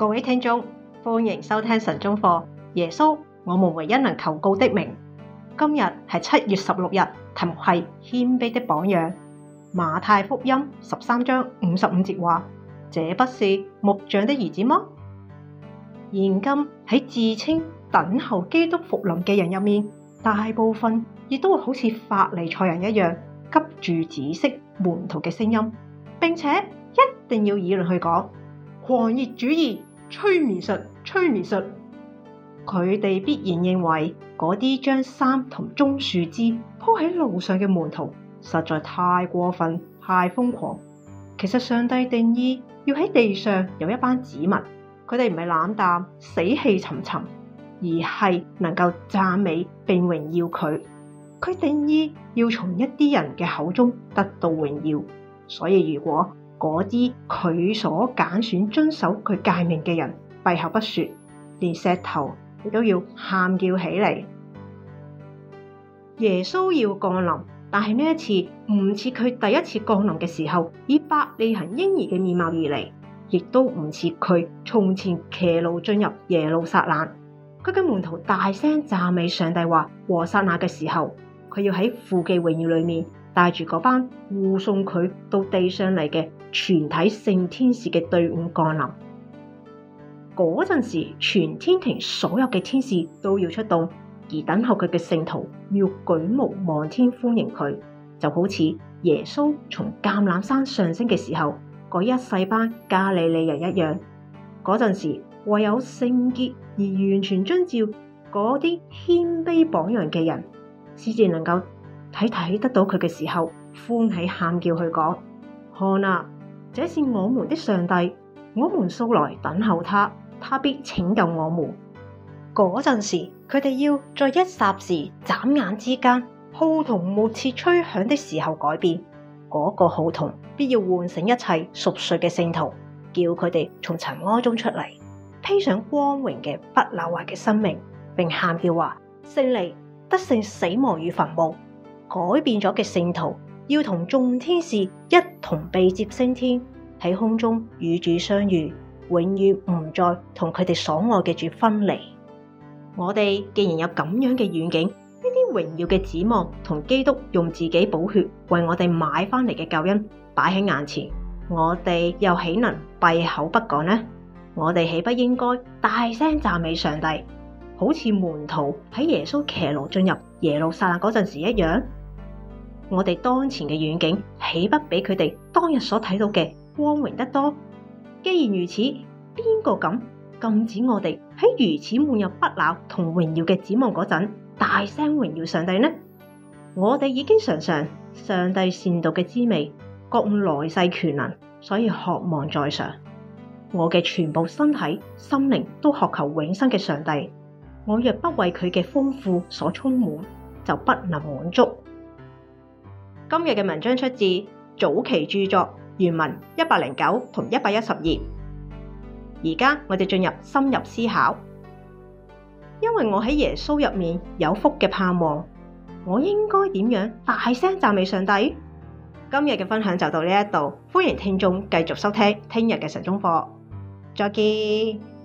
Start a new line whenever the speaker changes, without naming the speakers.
各位聽眾，歡迎收聽神中課。耶穌，我們唯一能求告的名。今日係七月十六日，題目係謙卑的榜樣。馬太福音十三章五十五節話：這不是木匠的兒子嗎？現今喺自稱等候基督復臨嘅人入面，大部分亦都會好似法利賽人一樣，急住止息門徒嘅聲音，並且一定要議論去講狂熱主義。催眠術，催眠術，佢哋必然認為嗰啲將衫同棕樹枝鋪喺路上嘅門徒，實在太過分，太瘋狂。其實上帝定義要喺地上有一班子民，佢哋唔係冷淡、死氣沉沉，而係能夠讚美並榮耀佢。佢定義要從一啲人嘅口中得到榮耀，所以如果嗰啲佢所揀選遵守佢誡命嘅人，閉口不說，連石頭亦都要喊叫起嚟。耶穌要降臨，但係呢一次唔似佢第一次降臨嘅時候，以百利行嬰兒嘅面貌而嚟，亦都唔似佢從前騎驢進入耶路撒冷，佢嘅門徒大聲讚美上帝話和撒那嘅時候，佢要喺父嘅榮耀裏面。帶住嗰班護送佢到地上嚟嘅全體聖天使嘅隊伍降臨，嗰陣時全天庭所有嘅天使都要出動，而等候佢嘅聖徒要舉目望天歡迎佢，就好似耶穌從橄欖山上升嘅時候嗰一細班加利利人一樣。嗰陣時唯有聖潔而完全遵照嗰啲謙卑榜樣嘅人，先至能夠。睇睇得到佢嘅時候，歡喜喊叫去講：看啊，這是我們的上帝，我們素來等候他，他必拯救我們。嗰陣時，佢哋要在一霎時、眨眼之間，號筒末次吹響的時候改變。嗰、那個號筒必要喚醒一切熟睡嘅聖徒，叫佢哋從塵埃中出嚟，披上光榮嘅不朽壞嘅生命，並喊叫話：勝利得勝死亡與墳墓。改變咗嘅聖徒，要同眾天使一同被接升天，喺空中與主相遇，永遠唔再同佢哋所愛嘅主分離。我哋既然有咁樣嘅遠景，呢啲榮耀嘅指望同基督用自己寶血為我哋買翻嚟嘅救恩擺喺眼前，我哋又豈能閉口不講呢？我哋豈不應該大聲讚美上帝，好似門徒喺耶穌騎驢進入耶路撒冷嗰陣時一樣？我哋當前嘅遠景，豈不比佢哋當日所睇到嘅光榮得多？既然如此，邊個敢禁止我哋喺如此滿有不朽同榮耀嘅指望嗰陣，大聲榮耀上帝呢？我哋已經嘗嘗上帝善道嘅滋味，覺悟來世權能，所以渴望在上。我嘅全部身體、心靈都渴求永生嘅上帝。我若不為佢嘅豐富所充滿，就不能滿足。今日嘅文章出自早期著作，原文一百零九同一百一十頁。而家我哋進入深入思考，因為我喺耶穌入面有福嘅盼望，我應該點樣大聲讚美上帝？今日嘅分享就到呢一度，歡迎聽眾繼續收聽聽日嘅神中課，再見。